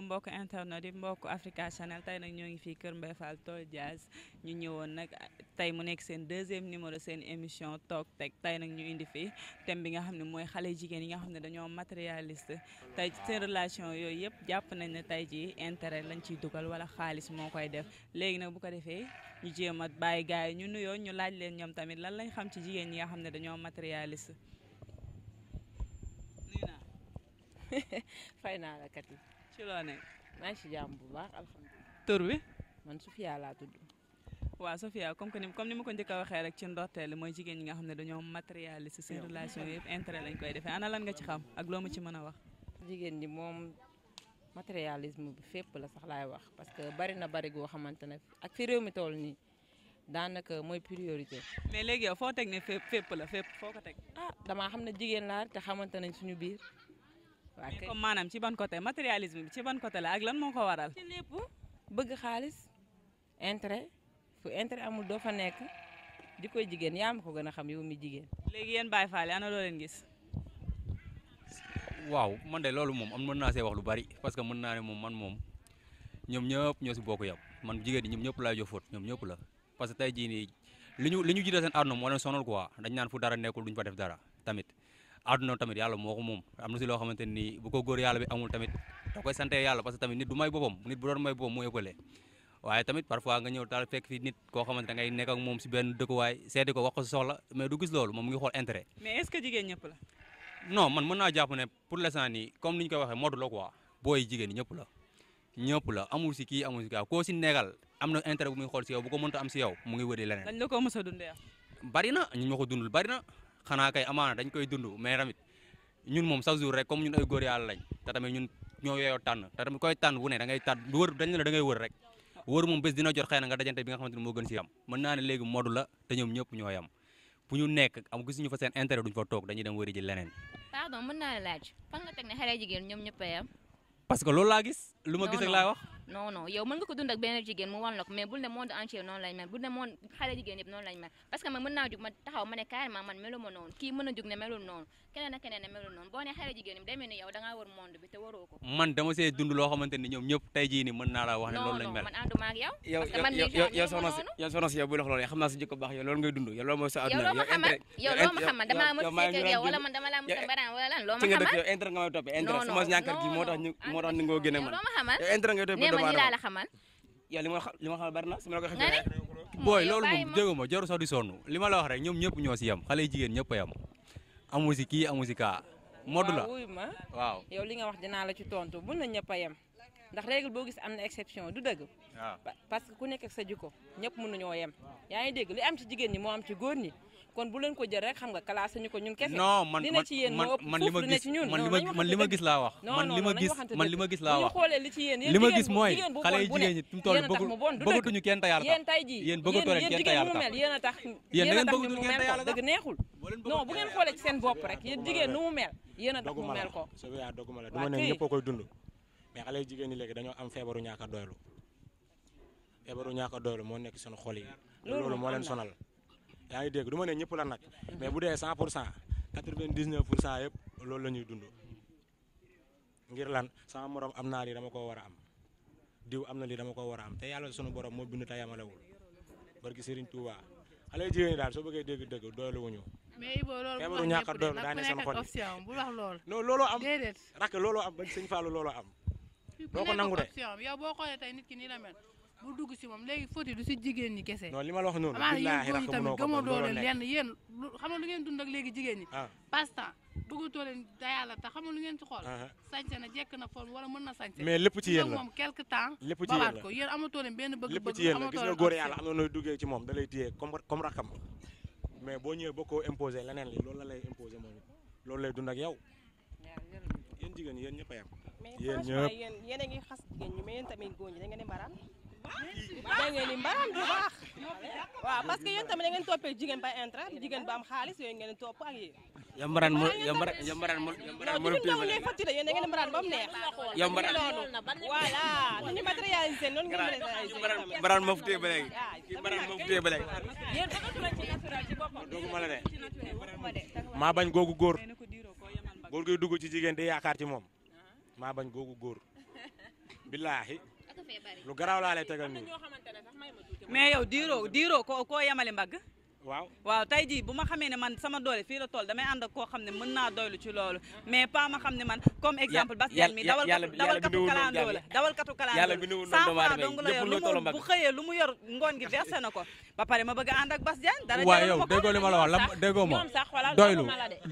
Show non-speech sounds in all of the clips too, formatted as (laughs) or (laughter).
asalaamaaleykum mbokk internet yi mbokk Africa Channel tey nag ñoo ngi fii Kër Mbaye Fall Tall Diaz ñu ñëwoon nag tey mu nekk seen deuxième numéro seen émission toog teg tey nag ñu indi fii thème bi nga xam ne mooy xale jigéen yi nga xam ne dañoo matérialiste tey seen relation yooyu yëpp jàpp nañ ne tey jii intérêt lañ ciy dugal wala xaalis moo koy def léegi nag bu ko defee ñu jéem a bàyyi gars yi ñu nuyoo ñu laaj leen ñoom tamit lan lañ xam ci jigéen ñi nga xam ne dañoo matérialiste (laughs) ci loo nekk. maa ngi si jàmm bu baax alhamdulilah. tur bi. man Sofia laa tudd. waaw Sofia comme que ni comme ni ma ko njëkk a waxee rek ci ndorteel mooy jigéen ñi nga xam ne dañoo matérialiser yëpp intérêt lañ koy defee ana lan nga ci xam ak loo ma a wax. jigéen ñi moom matérialisme fépp la sax laay wax parce que bari na bari goo xamante ne ak fi réew mi toll nii daanaka mooy priorité. mais léegi foo teg ne fépp la fépp foo ko teg. ah damaa xam ne jigéen laa te xamante nañ suñu biir. waa kay maanaam ci ban côté matérialisme bi ci ban côté la ak lan moo ko waral. ci lépp bëgg xaalis intérêt fu intérêt amul doo fa nekk di koy jigéen yaa ma ko gën a xam yow mi jigéen. léegi yéen Baye Fall ana loo ngis gis. waaw man de loolu moom am mën naa see wax lu bari parce que mën naa ne moom man moom ñoom ñëpp ñoo si bokk yam man jigéen ñi ñoom ñëpp laa jox fóot ñoom ñëpp la parce que tey jii nii li ñu li ñu jiite seen àdduna moo leen sonal quoi dañ naan fu dara nekkul duñ fa def dara tamit. àdduna tamit yàlla moo ko moom am na si loo xamante ni ko góor yàlla bi tamit da sante yàlla parce que tamit nit du may boppam nit bu doon may boppam mu tamit parfois nga ñëw daal nit koo xamante da ngay nekk ak moom ko wax ko si soxla mais du gis loolu moom mu ngi xool intérêt. mais est man mën naa jàpp ne pour l'instant ni ñu koy waxee mode la quoi booy jigéen ñëpp la ñëpp la amul si kii na intérêt bu muy xool si yow bu ko mënta mu ngi wëri xanaa kay amaana dañ koy dund mais tamit ñun moom chaque jour rek comme ñun ay góor yàlla lañ te tamit ñun ñoo yeyoo tànn te tamit koy tànn bu ne da ngay tànn wër rek wër moom bés dina jot xëy na nga dajante bi nga xamante ne moo gën si yam mën naa ne léegi modu la te ñëpp ñoo yam bu ñu nekk am gisuñu fa seen intérêt duñ fa toog dañuy dem wëri ji leneen mën naa laaj a yam parce que loolu laa gis lu ma gis ak wax non non yow mën nga ko dund ak benn jigéen mu wan la ko mais bul ne monde entier noonu lañ mel bul ne monde xale jigéen yëpp noonu lañ mel parce que man mën naa jug ma taxaw ma ne carrément man melu ma noonu kii mën a jug ne melul noonu keneen ak keneen ne melul noonu boo ne xale jigéen yi day mel ni yow da ngaa war monde bi te waroo ko man dama see dund loo xamante ni ñoom ñëpp tey jii ni mën naa la wax ne loolu lañ mel non man ànduma ak yow parce que man yow soxna si yow soxna si yow buy wax loolu xam naa sa jikko baax yow loolu ngay dund yow loolu mooy sa àdduna yow loo ma xamal yow loo ma xamal damaa mës a fekk yow wala man dama laa mës a baraan wala lan loo ma xamal yow intérêt nga may toppee intérêt sama ñàkkat gi moo tax moo tax ni nga gën a mën yow intérêt ngay toppee man lii daal la xamal. yow li ma li ma xamal bari na su ma la ko xamee. booy loolu moom jéego ma jarul sax di sonn li ma la wax rek ñoom ñëpp ñoo si yem xale jigéen ñëpp a yem amu si kii si kaa modu la wuy ma waaw yow li nga wax dinaa la ci tontu bu na ñëpp yem ndax règle boo gis am na exception du dëgg parce que ku nekk ak sa jikko ñëpp mën nañoo yem yaa ngi dégg li am ci jigéen ñi moo am ci góor ñi kon bu leen ko jël rek xam nga classé ñu ko ñun kese non man li ne ci yéen moo ëpp man li ma gis man li ma gis laa wax man li ma gis man li ma gis laa wax xoolee li ci yéen li ma gis mooy xale yi jigéen ñi fi mu toll bëggatuñu kenn tayal yéen tay ji yéen bëggatoo leen kenn tayal mel yéen a tax yéen a tax ni mu mel ko dëgg neexul non bu ngeen xoolee ci seen bopp rek yéen jigéen nu mu mel yéen a tax mu mel ko sowaa doguma la duma ne ñëpp koy dund mais xale yi jigéen ñi léegi dañoo am feebaru ñaaka doylu feebaru ñaaka doylu moo nekk seen xol yi loolu moo leen sonal yaa ngi dégg du ma ne ñëpp la nag mais bu dee cent 99 cent yëpp loolu la ñuy ngir lan sama morom am naa lii dama ko war a am diw am na lii dama ko war a am te yàlla sunu borom moo bind te yamalewul barki Serigne Touba xale jigéen ñi daal soo bëggee dégg-dégg doylu wuñu mais Ibo loolu bu wax ñëpp de nag ku nekk option bu wax loolu. non looloo am déedéet rakk lool am bañ sëñ Fallou looloo am. doo ko nangu de bu dugg si moom léegi faute du si jigéen ñi kese. non li ma la wax noonu. billaahi rax tamit lu xam nga lu ngeen dund ak léegi jigéen ñi. Ah. passe temps duggatoo ah, ah. jekk na forme wala mën na sañse. mais lépp ci yéen na nooy duggee ci moom da lay téye comme comme rakam mais boo ñëwee boo ko imposé leneen li loolu la lay imposé moom loolu lay dund ak yow yéen jigéen yéen ñëpp a yem. yéen ñëpp mais tamit góor ñi da ngeen da ngeen ni mbaram du baax waaw parce que yéen tamit da ngeen toppee jigéen ba intra jigéen ba am xaalis yooyu ngeen topp ak yéen yow mbaraan mo yow mbaraan yow mbaraan mo yow mbaraan mo teul lay facturé yéen ngeen mbaraan mu neex maa bañ googu góor góor guy dugg ci jigéen di yaakaar ci moom maa bañ googu góor billaahi (laughs) lu garaaw laa lay tegal nii. mais yow diiroo diiroo koo koo yemale mbagg. waaw waaw tey bu ma xamee ne man sama doole fi la toll da ànd ak koo xam ne mën naa doylu ci loolu mais pas ma xam ne man comme exemple bas mi dawal dawalkatu kalandoo la dawalkatu kalandoo la cent francs dong la yor lu mu bu xëyee lu mu yor ngoon gi versé na ko ba pare ma bëgg a ànd ak bas Diagne dara waaw yow déggoo li ma la wax la doylu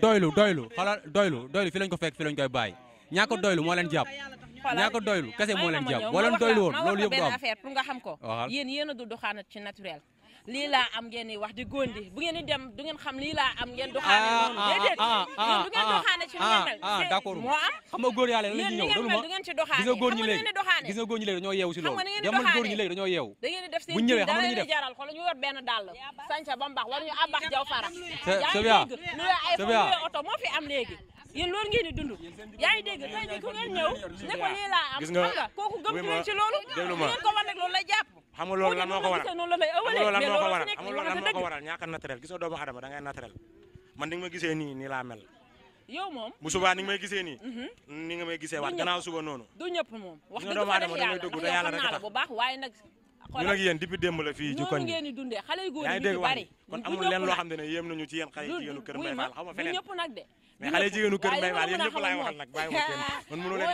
doylu doylu xoolal doylu doylu fi ko fekk ñaa ko doylu moo leen jàpp ñaa ko doylu kese moo leen jàpp boo leen doylu woon loolu yëpp du am affaire nga xam ko yéen yéen a du doxaanat ci naturel lii am ngeen di wax di góondi bu ngeen di dem du ngeen xam lii laa am ngeen doxaane ah, noonu ah, déedéet ah, yéen du ngeen doxaane ci ngeen d'accord moo am xam nga góor yàlla lañu ñëw loolu ma du ngeen ci doxaane gis nga góor ñi léegi gis nga góor ñi léegi dañoo yeewu si loolu jamal góor ñi léegi dañoo yeewu da ngeen di def bu ñëwee xam nga sanca ba mbax war ñu jaw fara yaa ngi dégg ñu ay yéen loolu ngeen di dund yaa ngi dégg tey jii ku ngeen ñëw ne ko lii laa am. gis nga kooku gëm leen ci loolu. déglu ma ko war rek loolu lay jàpp. xam nga loolu lan moo ko waral xam nga loolu lan moo ko waral xam nga loolu lan moo ko waral ñàkk a naturel gis nga doomu aadama da ngay naturel man ni nga ma gisee nii nii laa mel. yow moom bu subaa ni nga may gisee nii. Mhm. ni nga may gisee waat gannaaw suba noonu. du ñëpp moom wax dëgg fa rek yàlla ndax yow xam naa la bu baax waaye nag ñun ak yéen depuis démb la fii ci koñ ngeen di dundee yi ñu bari kon amul leen loo xam ne yéem nañu ci ma feneen ñëpp nag de mais xale jigéenu kër Mbaye ma kenn (laughs) man mënu leen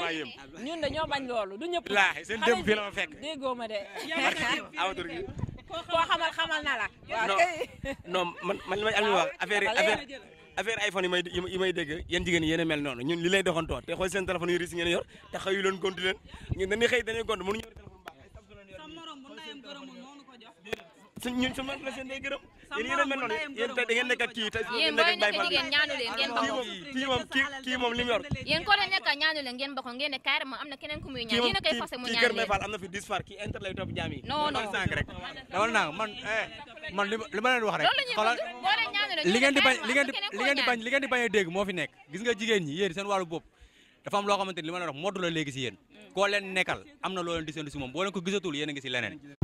de awatur (laughs) gi koo na la waaw (laughs) non man man li may iPhone yi may yi may dégg yéen a mel noonu ñun li lay doxantoo te xool seen téléphone yu risque ngeen yor te xëyu leen gontu leen ñun dañuy xëy dañuy gont mënuñu suñ ñun suñ mën la seen day gërëm yéen yéen a mel noonu yéen tey da ngeen nekk ak kii tey yéen booy nekk di ngeen ñaanu leen ngeen bokkoo kii moom kii kii moom li mu yor yéen koo leen nekk ñaanu leen ngeen bokkoo ngeen ne carrément am na keneen ku muy ñaan yéen a koy forcé mu ñaan leen kii kër Mbaye Fall am na fi 10 far kii inter lay topp jaam yi non non rek dama naa man eh, man li ma leen wax rek xoolal li ngeen di bañ li ngeen di li ngeen di bañ li ngeen di bañ a dégg moo fi nekk gis nga jigéen ñi yéen seen wàllu bopp dafa am loo xamante ni li ma leen wax modd la léegi si yéen koo leen nekkal am na loo leen di seendu si moom boo leen ko gisatul yéen a ngi si leneen